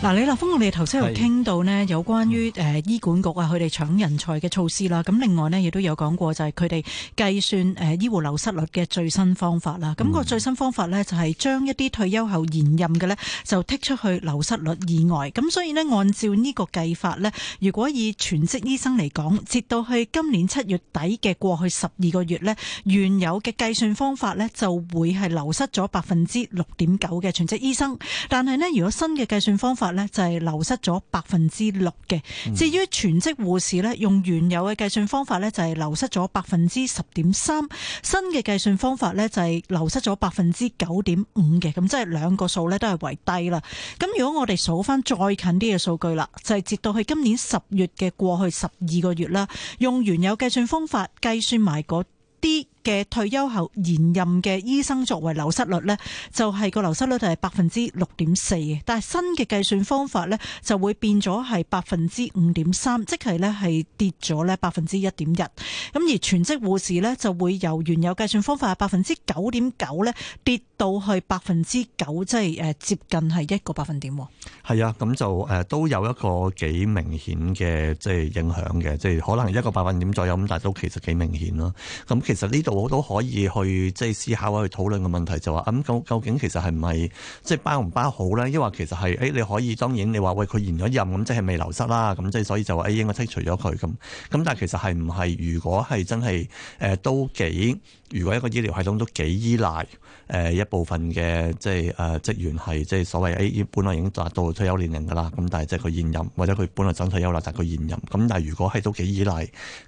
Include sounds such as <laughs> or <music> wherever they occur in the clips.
嗱，李立峰，我哋頭先又傾到咧是有關於誒、呃、醫管局啊，佢哋搶人才嘅措施啦。咁另外咧，亦都有講過就係佢哋計算誒、呃、醫護流失率嘅最新方法啦。咁個、嗯、最新方法咧就係、是、將一啲退休後延任嘅咧就剔出去流失率以外。咁所以咧，按照個呢個計法咧，如果以全職醫生嚟講，截到去今年七月底嘅過去十二個月咧，原有嘅計算方法咧就會係流失咗百分之六點九嘅全職醫生。但係咧，如果新嘅計算方法，就係流失咗百分之六嘅。至於全職護士用原有嘅計算方法就係流失咗百分之十點三，新嘅計算方法就係流失咗百分之九點五嘅，咁即係兩個數都係為低啦。咁如果我哋數翻再近啲嘅數據啦，就係、是、直到去今年十月嘅過去十二個月啦，用原有計算方法計算埋嗰啲。嘅退休後現任嘅醫生作為流失率咧，就係個流失率就係百分之六點四，但係新嘅計算方法咧，就會變咗係百分之五點三，即係咧係跌咗咧百分之一點一。咁而全職護士咧就會由原有計算方法係百分之九點九咧跌到去百分之九，即係誒接近係一個百分點，係啊，咁就誒都有一個幾明顯嘅即係影響嘅，即係可能一個百分點左右咁，但係都其實幾明顯咯。咁其實呢度。我都可以去即係、就是、思考去討論嘅問題，就話咁，究、嗯、究竟其實係咪即係包唔包好咧？抑或其實係誒、哎，你可以當然你話喂佢延咗任咁，即係未流失啦。咁即係所以就話誒、哎，應該剔除咗佢咁咁，但係其實係唔係？如果係真係誒、呃，都幾。如果一個醫療系統都幾依賴誒一部分嘅即係誒職員係即係所謂誒本來已經達到退休年齡㗎啦，咁但係即係佢現任或者佢本來準備退休啦，但係佢現任咁，但係如果係都幾依賴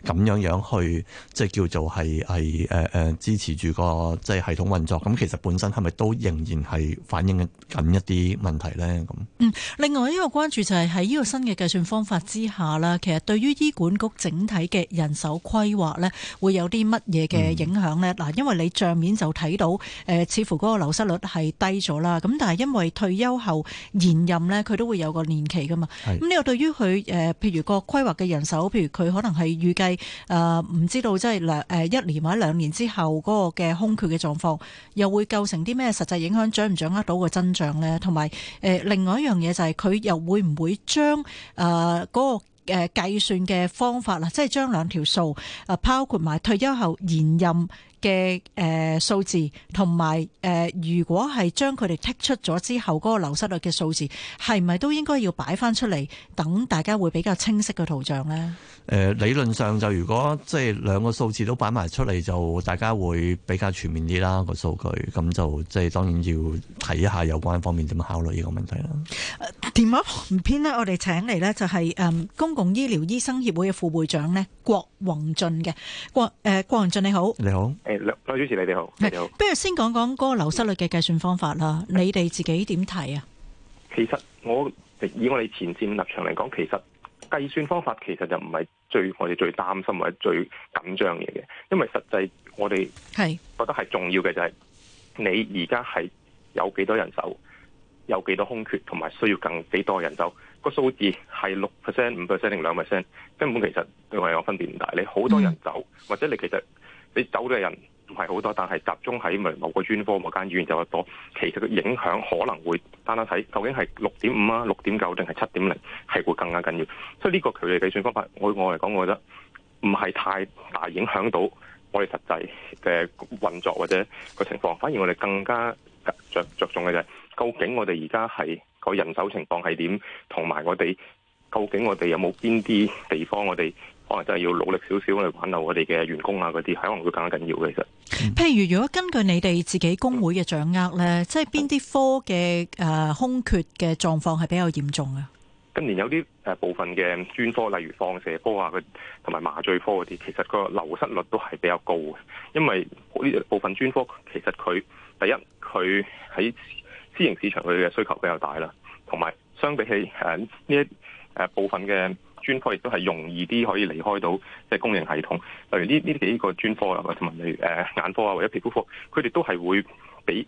咁樣樣去即係叫做係係誒誒支持住個即係系統運作，咁其實本身係咪都仍然係反映緊一啲問題咧？咁嗯，另外一個關注就係喺呢個新嘅計算方法之下啦，其實對於醫管局整體嘅人手規劃咧，會有啲乜嘢嘅影響咧？嗯嗱，因為你帳面就睇到、呃，似乎嗰個流失率係低咗啦。咁但係因為退休後延任咧，佢都會有個年期噶嘛。咁呢個對於佢、呃、譬如個規劃嘅人手，譬如佢可能係預計，唔、呃、知道即係、兩、呃、一年或者兩年之後嗰個嘅空缺嘅狀況，又會構成啲咩實際影響，掌唔掌握到個增長咧？同埋、呃、另外一樣嘢就係、是、佢又會唔會將嗰、呃嗰個計、呃、計算嘅方法啦，即係將兩條數、呃、包括埋退休後延任，嘅數、呃、字同埋、呃、如果係將佢哋剔出咗之後嗰、那個、流失率嘅數字係咪都應該要擺翻出嚟，等大家會比較清晰嘅圖像咧、呃？理論上就如果即係兩個數字都擺埋出嚟，就大家會比較全面啲啦個數據，咁就即係當然要睇一下有關方面點樣考慮呢個問題啦。電話旁邊咧， <laughs> 我哋請嚟咧就係、是嗯、公共醫療醫生協會嘅副會長咧，郭宏駿嘅郭，誒，郭宏駿你好，你好。你好兩位主持，你哋好，你好。不如先講講嗰個流失率嘅計算方法啦。是你哋自己點睇啊？其實我以我哋前線立場嚟講，其實計算方法其實就唔係最我哋最擔心或者最緊張嘅嘢，因為實際我哋係覺得係重要嘅就係、是、是你而家係有幾多、多、多人走，有幾多空缺，同埋需要更幾多人走。個數字係六 percent、五 percent 定兩 percent，根本其實對我哋有分別唔大。你好多人走，嗯、或者你其實。你走嘅人唔係好多，但係集中喺某個專科、某間醫院就多。其實個影響可能會單單睇，究竟係六點五啊、六點九定係七點零，係會更加緊要。所以呢個佢哋計算方法，我我嚟講，我覺得唔係太大影響到我哋實際嘅運作或者個情況，反而我哋更加着着重嘅就係究竟我哋而家係個人手情況係點，同埋我哋究竟我哋有冇邊啲地方我哋。可能真係要努力少少嚟挽留我哋嘅員工啊，嗰啲係可能會更加緊要嘅。其實、嗯，譬如如果根據你哋自己工會嘅掌握咧，嗯、即係邊啲科嘅誒、呃、空缺嘅狀況係比較嚴重啊？今年有啲誒、呃、部分嘅專科，例如放射科啊，同埋麻醉科嗰啲，其實個流失率都係比較高嘅，因為呢部分專科其實佢第一佢喺私營市場佢嘅需求比較大啦，同埋相比起誒呢一誒部分嘅。專科亦都係容易啲可以離開到，即係公營系統。例如呢呢幾個專科啦，同埋例如誒眼科啊，或者皮膚科，佢哋都係會比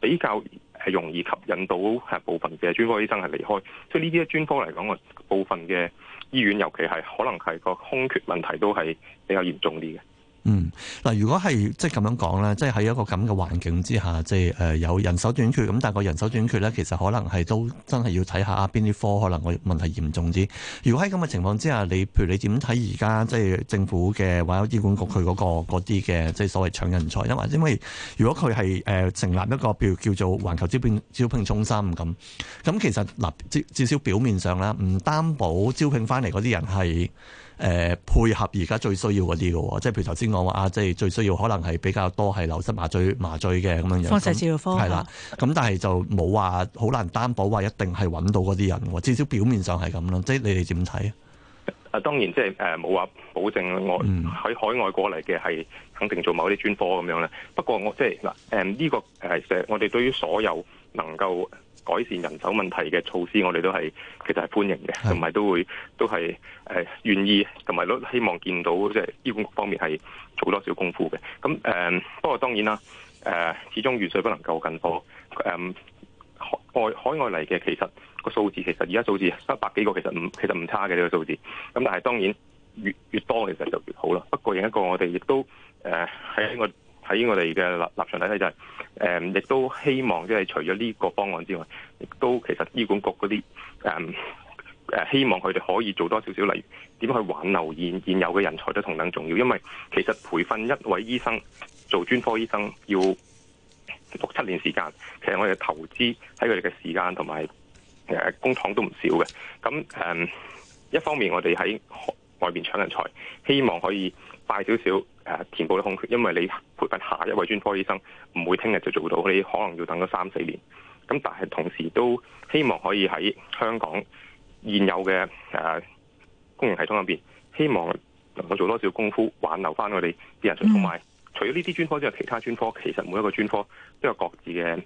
比較係容易吸引到部分嘅專科醫生係離開。所以呢啲一專科嚟講嘅部分嘅醫院，尤其係可能係個空缺問題都係比較嚴重啲嘅。嗯，嗱，如果係即係咁樣講啦，即係喺一個咁嘅環境之下，即係誒有人手短缺，咁但係個人手短缺咧，其實可能係都真係要睇下邊啲科可能個問題嚴重啲。如果喺咁嘅情況之下，你譬如你點睇而家即係政府嘅，或者醫管局佢嗰個嗰啲嘅，即係所謂搶人才，因為因為如果佢係誒成立一個，譬如叫做環球招聘招聘中心咁，咁其實嗱，至至少表面上啦，唔擔保招聘翻嚟嗰啲人係。誒、呃，配合而家最需要嗰啲嘅，即係譬如頭先講話啊，即係最需要可能係比較多係流失麻醉麻醉嘅咁樣樣，放射治療科係啦。咁但係就冇話好難擔保話一定係揾到嗰啲人，至少表面上係咁啦。即係你哋點睇？啊，當然即係誒冇話保證我喺海外過嚟嘅係肯定做某啲專科咁樣啦。不過我即係嗱誒呢個誒、呃，我哋對於所有能夠改善人手問題嘅措施，我哋都係其實係歡迎嘅，同埋是的 都會都係誒願意，同埋都希望見到即係醫管局方面係做多少功夫嘅。咁、嗯、誒、呃，不過當然啦，誒、呃、始終遠水不能夠救近火，誒外海外嚟嘅其實。個數字其實而家數字七百幾個其實唔其實唔差嘅呢個數字，咁但係當然越越多其實就越好啦。不過另一個我哋亦都誒喺、呃，我喺我哋嘅立立場睇睇就係誒亦都希望即係除咗呢個方案之外，亦都其實醫管局嗰啲誒誒希望佢哋可以做多少少，例如點樣去挽留現現有嘅人才都同等重要。因為其實培訓一位醫生做專科醫生要六七年時間，其實我哋投資喺佢哋嘅時間同埋。誒，工廠都唔少嘅。咁，um, 一方面我哋喺外邊搶人才，希望可以快少少，誒、呃，填補啲空缺。因為你培訓下一位專科醫生，唔會聽日就做到，你可能要等咗三四年。咁，但係同時都希望可以喺香港現有嘅，誒、呃，公營系統入邊，希望能夠做多少功夫，挽留翻我哋啲人。同埋、嗯，除咗呢啲專科之外，其他專科其實每一個專科都有各自嘅，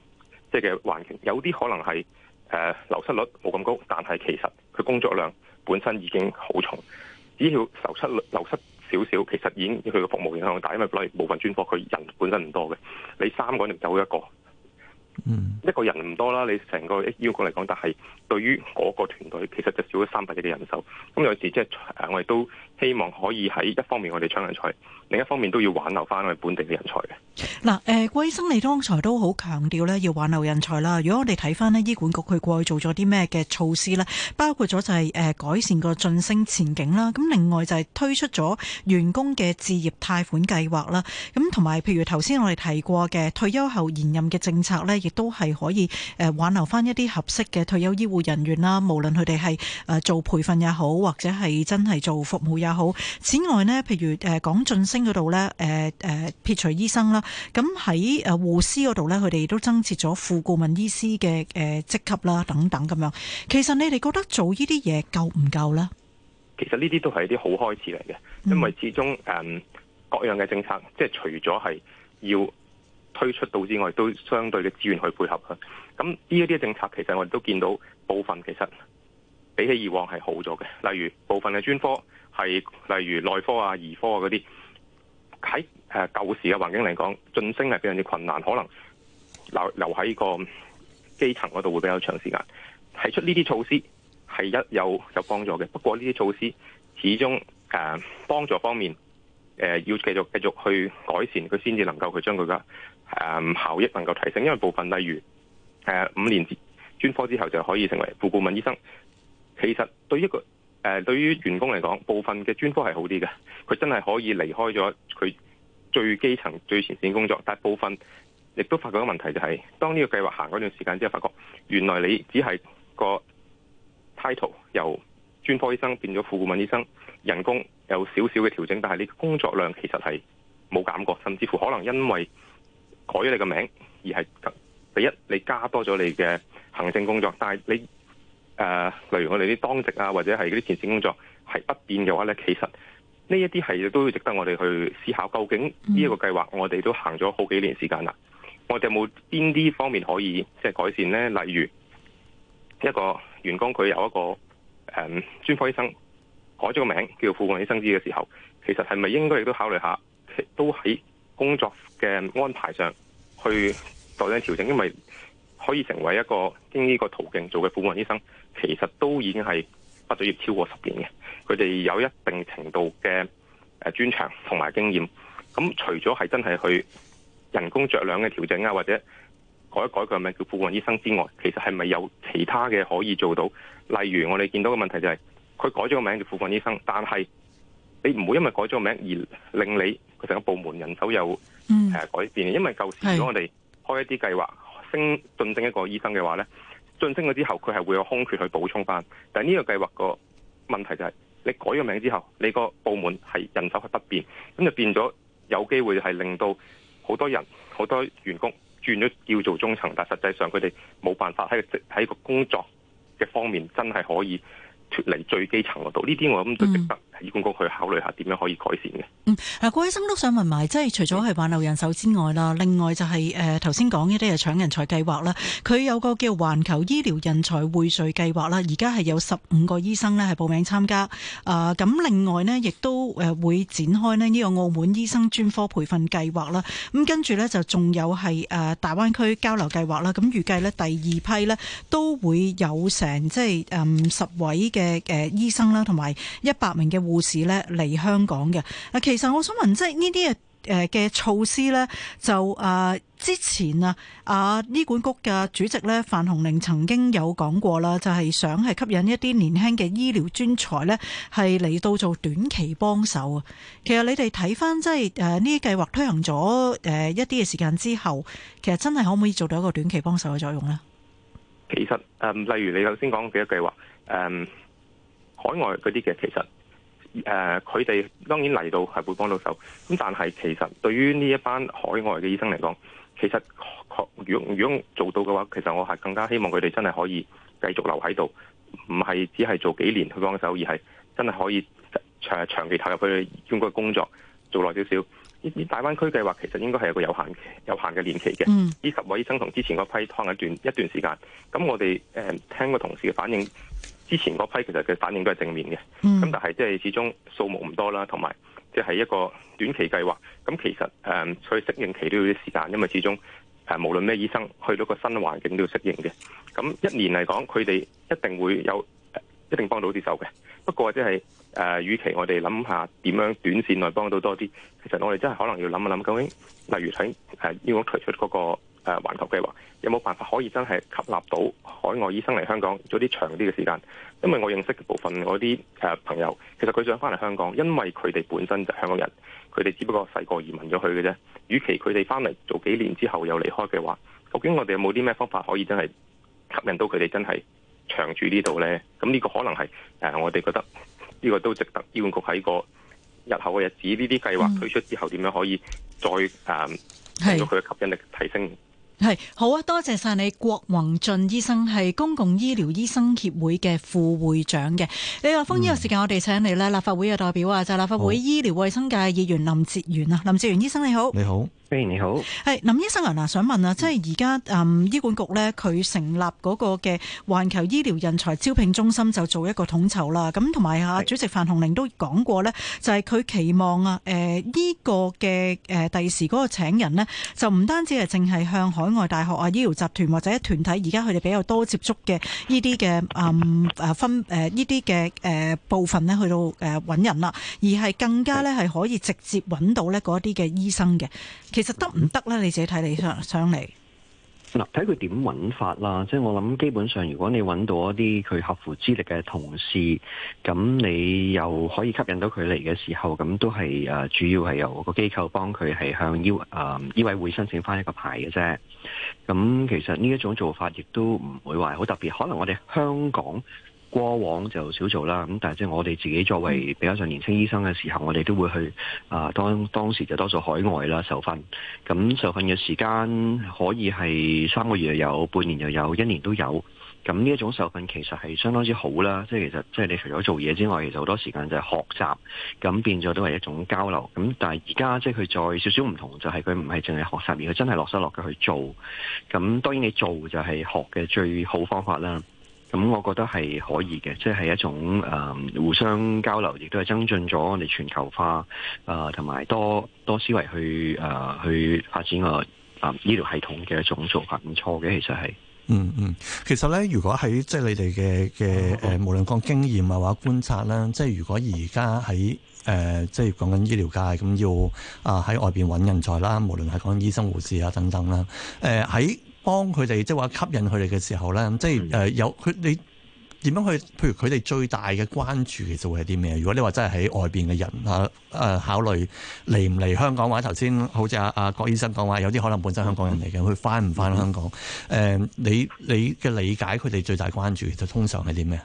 即係嘅環境，有啲可能係。誒、呃、流失率冇咁高，但係其實佢工作量本身已經好重，只要流失率流失少少，其實已經佢嘅服務影響大，因為例如部分專科佢人本身唔多嘅，你三個人走一個。嗯，一個人唔多啦，你成個醫管局嚟講，但係對於我個團隊，其實就少咗三百幾嘅人手。咁有時即係我哋都希望可以喺一方面我哋搶人才，另一方面都要挽留翻我哋本地嘅人才嘅。嗱、呃，誒，郭醫生你剛才都好強調咧，要挽留人才啦。如果我哋睇翻呢醫管局佢過去做咗啲咩嘅措施咧，包括咗就係誒改善個晉升前景啦。咁另外就係推出咗員工嘅置業貸款計劃啦。咁同埋譬如頭先我哋提過嘅退休後延任嘅政策呢。亦都係可以誒挽留翻一啲合適嘅退休醫護人員啦，無論佢哋係誒做培訓也好，或者係真係做服務也好。此外呢，譬如誒講晉升嗰度呢，誒、呃、誒、呃、撇除醫生啦，咁喺誒護師嗰度呢，佢哋都增設咗副顧問醫師嘅誒職級啦等等咁樣。其實你哋覺得做呢啲嘢夠唔夠呢？其實呢啲都係一啲好開始嚟嘅，因為始終誒各樣嘅政策，即係除咗係要。推出到之外，都相對嘅資源去配合嘅。咁呢一啲政策，其實我哋都見到部分其實比起以往係好咗嘅。例如部分嘅專科係例如內科啊、兒科啊嗰啲，喺誒、呃、舊時嘅環境嚟講，晉升係非常之困難，可能留留喺個基層嗰度會比較長時間，提出呢啲措施係一有有幫助嘅。不過呢啲措施始終誒幫助方面誒、呃、要繼續繼續去改善，佢先至能夠去將佢嘅。誒，效益能夠提升，因為部分例如誒五、呃、年專科之後就可以成為副顧問醫生。其實對於一個誒、呃、對於員工嚟講，部分嘅專科係好啲嘅，佢真係可以離開咗佢最基層最前線工作。但係部分亦都發覺個問題就係、是，當呢個計劃行嗰段時間之後，發覺原來你只係個 title 由專科醫生變咗副顧問醫生，人工有少少嘅調整，但係你工作量其實係冇減過，甚至乎可能因為。改咗你個名，而係第一，你加多咗你嘅行政工作，但係你誒、呃，例如我哋啲當值啊，或者係嗰啲前線工作係不變嘅話咧，其實呢一啲係都值得我哋去思考。究竟呢一個計劃我哋都行咗好幾年時間啦，嗯、我哋有冇邊啲方面可以即係改善咧？例如一個員工佢有一個誒專、呃、科醫生改咗個名叫副顧問醫生知嘅時候，其實係咪應該亦都考慮下，都喺？工作嘅安排上去做啲調整，因為可以成為一個經呢個途徑做嘅副顧問醫生，其實都已經係畢咗業超過十年嘅，佢哋有一定程度嘅專長同埋經驗，咁除咗係真係去人工着量嘅調整啊，或者改一改佢名叫副顧問醫生之外，其實，係咪有其他嘅可以做到？例如我哋見到嘅問題就係、是、佢改咗個名叫副顧問醫生，但係。你唔會因為改咗個名而令你佢成個部門人手有改變，因為舊時如果我哋開一啲計劃升晉升一個醫生嘅話呢晉升咗之後佢係會有空缺去補充翻。但係呢個計劃個問題就係你改咗個名之後，你個部門係人手係不變，咁就變咗有機會係令到好多人好多員工轉咗叫做中層，但實際上佢哋冇辦法喺個喺個工作嘅方面真係可以脫離最基層嗰度。呢啲我諗都值得。醫管局去考慮下點樣可以改善嘅。嗯，嗱，郭醫生都想問埋，即係除咗係挽留人手之外啦，另外就係誒頭先講嗰啲係搶人才計劃啦。佢有個叫環球醫療人才匯聚計劃啦，而家係有十五個醫生呢係報名參加。啊、呃，咁另外呢，亦都誒會展開咧呢個澳門醫生專科培訓計劃啦。咁跟住呢，就仲有係誒大灣區交流計劃啦。咁、呃、預計呢，第二批呢都會有成即係誒十位嘅誒醫生啦，同埋一百名嘅護士咧嚟香港嘅啊，其實我想問，即係呢啲誒嘅措施呢，就啊、呃、之前啊啊、呃、醫管局嘅主席呢，范鴻齡曾經有講過啦，就係、是、想係吸引一啲年輕嘅醫療專才呢，係嚟到做短期幫手啊。其實你哋睇翻即係呢啲計劃推行咗誒一啲嘅時間之後，其實真係可唔可以做到一個短期幫手嘅作用呢？其實誒、呃，例如你頭先講幾多計劃誒，海外嗰啲嘅其實。誒，佢哋、呃、當然嚟到係會幫到手，咁但係其實對於呢一班海外嘅醫生嚟講，其實如果、如果做到嘅話，其實我係更加希望佢哋真係可以繼續留喺度，唔係只係做幾年去幫手，而係真係可以長長期投入佢整個工作做耐少少。呢啲大灣區計劃其實應該係一個有限有限嘅年期嘅，呢、嗯、十位醫生同之前嗰批拖一段一段時間。咁我哋誒、呃、聽個同事嘅反應。之前嗰批其實佢反應都係正面嘅，咁、嗯、但係即係始終數目唔多啦，同埋即係一個短期計劃。咁其實誒所以、嗯、適應期都要啲時間，因為始終誒、啊、無論咩醫生去到個新環境都要適應嘅。咁一年嚟講，佢哋一定會有一定幫到啲手嘅。不過即係誒，與其我哋諗下點樣短線內幫到多啲，其實我哋真係可能要諗一諗，究竟例如喺誒醫屋推出嗰、那個。誒環球計劃有冇辦法可以真係吸納到海外醫生嚟香港做啲長啲嘅時間？因為我認識的部分我啲誒朋友，其實佢想翻嚟香港，因為佢哋本身就係香港人，佢哋只不過細個移民咗去嘅啫。與其佢哋翻嚟做幾年之後又離開嘅話，究竟我哋有冇啲咩方法可以真係吸引到佢哋真係長住呢度呢？咁呢個可能係誒我哋覺得呢個都值得醫管局喺個日後嘅日子呢啲計劃推出之後點、嗯、樣可以再誒令到佢嘅吸引力提升？係好啊！多謝晒你，郭宏駿醫生係公共醫療醫生協會嘅副會長嘅。李華峰，呢個時間我哋請嚟咧，嗯、立法會嘅代表啊，就係立法會醫療衛生界議員林哲玄啊。好林哲玄醫生你好，你好。你好 Hey, 你好。係林醫生啊，嗱，想問啊，即係而家誒，醫管局呢，佢成立嗰個嘅環球醫療人才招聘中心，就做一個統籌啦。咁同埋啊，主席范鴻齡都講過呢，就係、是、佢期望啊，誒、呃，呢、這個嘅誒，第、呃、時嗰個請人呢，就唔單止係淨係向海外大學啊、醫療集團或者團體，而家佢哋比較多接觸嘅呢啲嘅誒分誒呢啲嘅誒部分咧，去到誒揾、呃、人啦，而係更加呢，係可以直接揾到呢嗰啲嘅醫生嘅。其實得唔得咧？你自己睇你上上嚟嗱，睇佢點搵法啦。即係我諗，基本上如果你搵到一啲佢合乎資歷嘅同事，咁你又可以吸引到佢嚟嘅時候，咁都係誒，主要係由個機構幫佢係向醫誒醫委會申請翻一個牌嘅啫。咁其實呢一種做法亦都唔會話好特別，可能我哋香港。過往就少做啦，咁但係即係我哋自己作為比較上年輕醫生嘅時候，我哋都會去啊、呃、當當時就多數海外啦受訓，咁受訓嘅時間可以係三個月又有，半年又有，一年都有。咁呢一種受訓其實係相當之好啦，即係其實即係你除咗做嘢之外，其實好多時間就係學習，咁變咗都係一種交流。咁但係而家即係佢再少少唔同，就係佢唔係淨係學習，而佢真係落手落腳去做。咁當然你做就係學嘅最好方法啦。咁我覺得係可以嘅，即係一種誒互相交流，亦都係增進咗我哋全球化啊，同埋多多思維去誒去發展個誒醫療系統嘅一種做法，唔錯嘅其實係。嗯嗯，其實咧，如果喺即係你哋嘅嘅誒，無論講經驗啊，或者觀察啦，即係如果而家喺誒，即係講緊醫療界咁要啊喺外面搵人才啦，無論係講醫生、護士啊等等啦，誒喺。當佢哋即係話吸引佢哋嘅時候咧，即係誒有佢你點樣去？譬如佢哋最大嘅關注其實會係啲咩？如果你話真係喺外邊嘅人啊誒、啊，考慮嚟唔嚟香港話，頭先好似阿阿郭醫生講話，有啲可能本身是香港人嚟嘅，佢翻唔翻香港？誒、嗯呃，你你嘅理解佢哋最大嘅關注，其實通常係啲咩？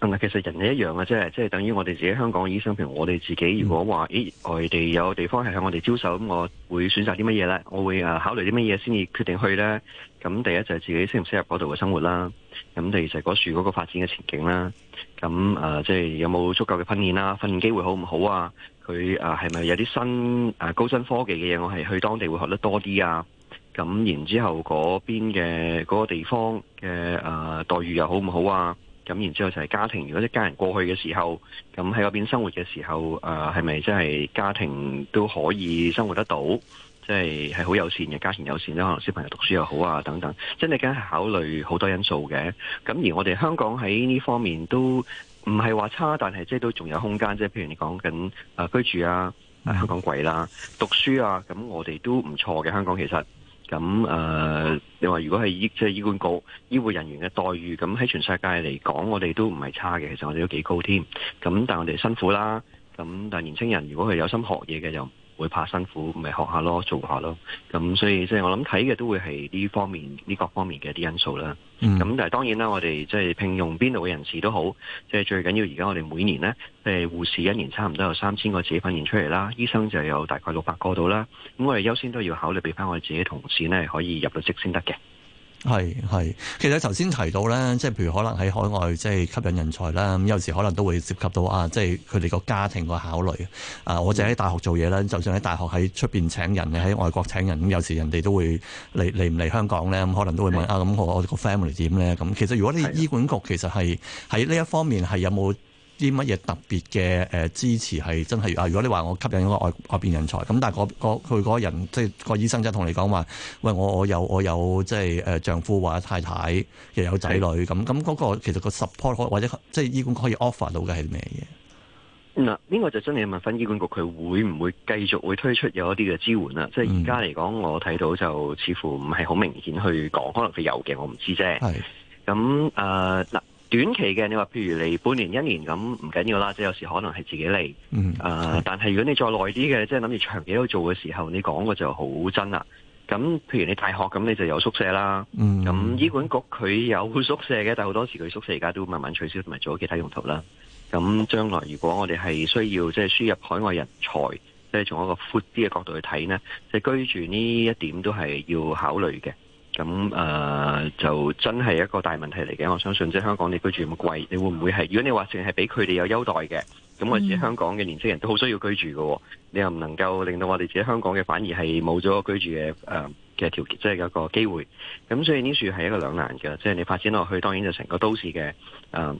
其實人係一樣嘅，即係即係等於我哋自己香港嘅醫生。譬如我哋自己，如果話誒，外地有地方係向我哋招手，咁我會選擇啲乜嘢呢？我會誒考慮啲乜嘢先至決定去呢？咁第一就係、是、自己適唔適合嗰度嘅生活啦。咁第二就係嗰處嗰個發展嘅前景啦。咁、嗯、誒，即、啊、係、就是、有冇足夠嘅訓練啦？訓練機會好唔好啊？佢誒係咪有啲新誒、啊、高新科技嘅嘢？我係去當地會學得多啲啊？咁、嗯、然之後嗰邊嘅嗰個地方嘅誒、啊、待遇又好唔好啊？咁然之後就係家庭，如果一家人過去嘅時候，咁喺嗰邊生活嘅時候，誒係咪即係家庭都可以生活得到？即係係好友善嘅家庭友善啦，可能小朋友讀書又好啊等等，真係梗係考慮好多因素嘅。咁而我哋香港喺呢方面都唔係話差，但係即係都仲有空間。即係譬如你講緊、呃、居住啊、香港貴啦、讀書啊，咁我哋都唔錯嘅。香港其實。咁誒、呃，你話如果係醫即係、就是、醫管局醫護人員嘅待遇，咁喺全世界嚟講，我哋都唔係差嘅，其實我哋都幾高添。咁但係我哋辛苦啦。咁但係年青人如果佢有心學嘢嘅就。會怕辛苦，咪學下咯，做下咯。咁所以即係、就是、我諗睇嘅都會係呢方面呢各方面嘅一啲因素啦。咁、嗯、但係當然啦，我哋即係聘用邊度嘅人士都好，即、就、係、是、最緊要而家我哋每年即誒、呃、護士一年差唔多有三千個自己訓練出嚟啦，醫生就有大概六百個度啦。咁我哋優先都要考慮俾翻我哋自己同事呢，可以入到職先得嘅。係係，其實頭先提到咧，即係譬如可能喺海外即係吸引人才啦，咁有時可能都會涉及到啊，即係佢哋個家庭個考慮。啊，我就喺大學做嘢啦，就算喺大學喺出面請人咧，喺外國請人，咁有時人哋都會嚟嚟唔嚟香港咧，咁可能都會問的啊，咁我哋個 family 點呢？咧？咁其實如果你醫管局其實係喺呢一方面係有冇啲乜嘢特別嘅誒支持係真係啊！如果你話我吸引一個外外邊人才咁，但係嗰佢嗰個人即係個醫生真係同你講話，喂我我有我有即係誒丈夫或者太太又有仔女咁咁嗰個其實個 support 或者即係醫管局可以 offer 到嘅係咩嘢？嗱，呢個就真係問翻醫管局，佢會唔會繼續會推出有一啲嘅支援啊？即係而家嚟講，我睇到就似乎唔係好明顯去講，可能佢有嘅，我唔知啫。係咁誒嗱。嗯呃短期嘅你話，譬如嚟半年、一年咁唔緊要啦，即係有時可能係自己嚟。嗯、呃、的但係如果你再耐啲嘅，即係諗住長期喺度做嘅時候，你講嘅就好真啦。咁譬如你大學咁，你就有宿舍啦。咁、嗯、醫管局佢有宿舍嘅，但係好多時佢宿舍而家都慢慢取消同埋做咗其他用途啦。咁將來如果我哋係需要即係、就是、輸入海外人才，即、就、係、是、從一個闊啲嘅角度去睇呢，即係居住呢一點都係要考慮嘅。咁誒、呃、就真係一個大問題嚟嘅，我相信即係香港你居住咁貴，你會唔會係如果你話淨係俾佢哋有優待嘅，咁我知香港嘅年青人都好需要居住嘅、哦，你又唔能夠令到我哋自己香港嘅反而係冇咗居住嘅誒嘅條件即係有一個機會。咁所以呢處係一個兩難嘅，即、就、係、是、你發展落去，當然就成個都市嘅誒、呃、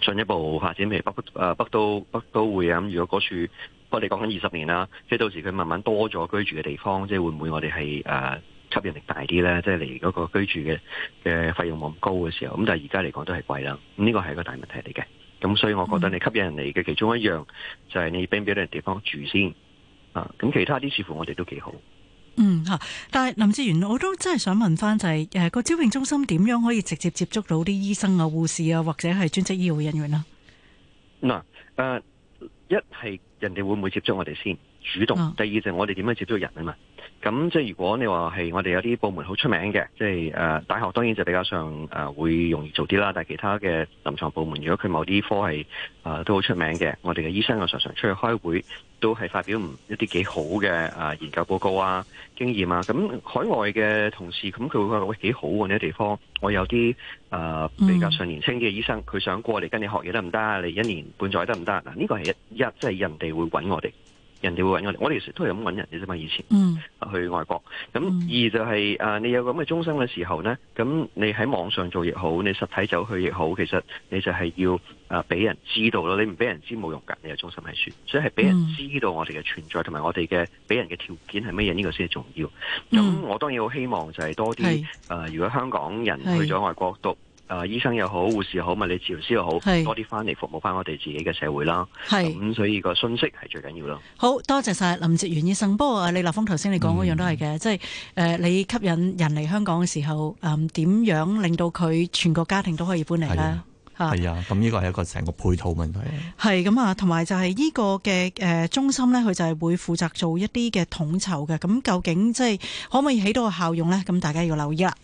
進一步發展，譬如北誒、呃、北都北都會咁。如果嗰處我哋講緊二十年啦，即、就是、到時佢慢慢多咗居住嘅地方，即、就、係、是、會唔會我哋係吸引力大啲咧，即係你嗰個居住嘅嘅費用冇咁高嘅時候，咁但係而家嚟講都係貴啦，呢個係一個大問題嚟嘅。咁所以我覺得你吸引人嚟嘅其中一樣就係你俾唔俾到人地方住先啊。咁其他啲似乎我哋都幾好。嗯吓，但係林哲玄，我都真係想問翻就係誒個招聘中心點樣可以直接接觸到啲醫生啊、護士啊或者係專職醫護人員啊？嗱誒，一係人哋會唔會接觸我哋先主動？啊、第二就係我哋點樣接觸人啊嘛？咁即係如果你話係我哋有啲部門好出名嘅，即係誒大學當然就比較上誒、呃、會容易做啲啦。但係其他嘅臨床部門，如果佢某啲科係誒、呃、都好出名嘅，我哋嘅醫生又常常出去開會，都係發表唔一啲幾好嘅誒、呃、研究報告啊、經驗啊。咁海外嘅同事，咁、嗯、佢會覺得喂幾好喎？呢啲地方我有啲誒、呃、比較上年青嘅醫生，佢想過嚟跟你學嘢得唔得啊？你一年半載得唔得啊？嗱，呢、這個係一即係、就是、人哋會揾我哋。人哋會搵我哋，我哋其實都係咁搵人嘅啫嘛。以前、嗯、去外國，咁二、嗯、就係、是、誒你有咁嘅中心嘅時候呢，咁你喺網上做亦好，你實體走去亦好，其實你就係要誒俾、呃、人知道咯。你唔俾人知冇用噶，你有中心喺度，所以係俾人知道我哋嘅存在同埋、嗯、我哋嘅俾人嘅條件係乜嘢，呢個先係重要。咁、嗯、我當然好希望就係多啲誒是、呃，如果香港人去咗外國讀。是啊！醫生又好，護士又好，物理治療師又好，多啲翻嚟服務翻我哋自己嘅社會啦。係咁是，所以個信息係最緊要咯。好多謝晒林哲玄醫生。不過啊，李立峰頭先你講嗰樣都係嘅，嗯、即係誒、呃、你吸引人嚟香港嘅時候，誒、呃、點樣令到佢全個家庭都可以搬嚟啦？係啊，咁呢、啊、個係一個成個配套問題。係咁啊，同埋就係呢個嘅誒中心呢，佢就係會負責做一啲嘅統籌嘅。咁究竟即係可唔可以起到個效用呢？咁大家要留意啦。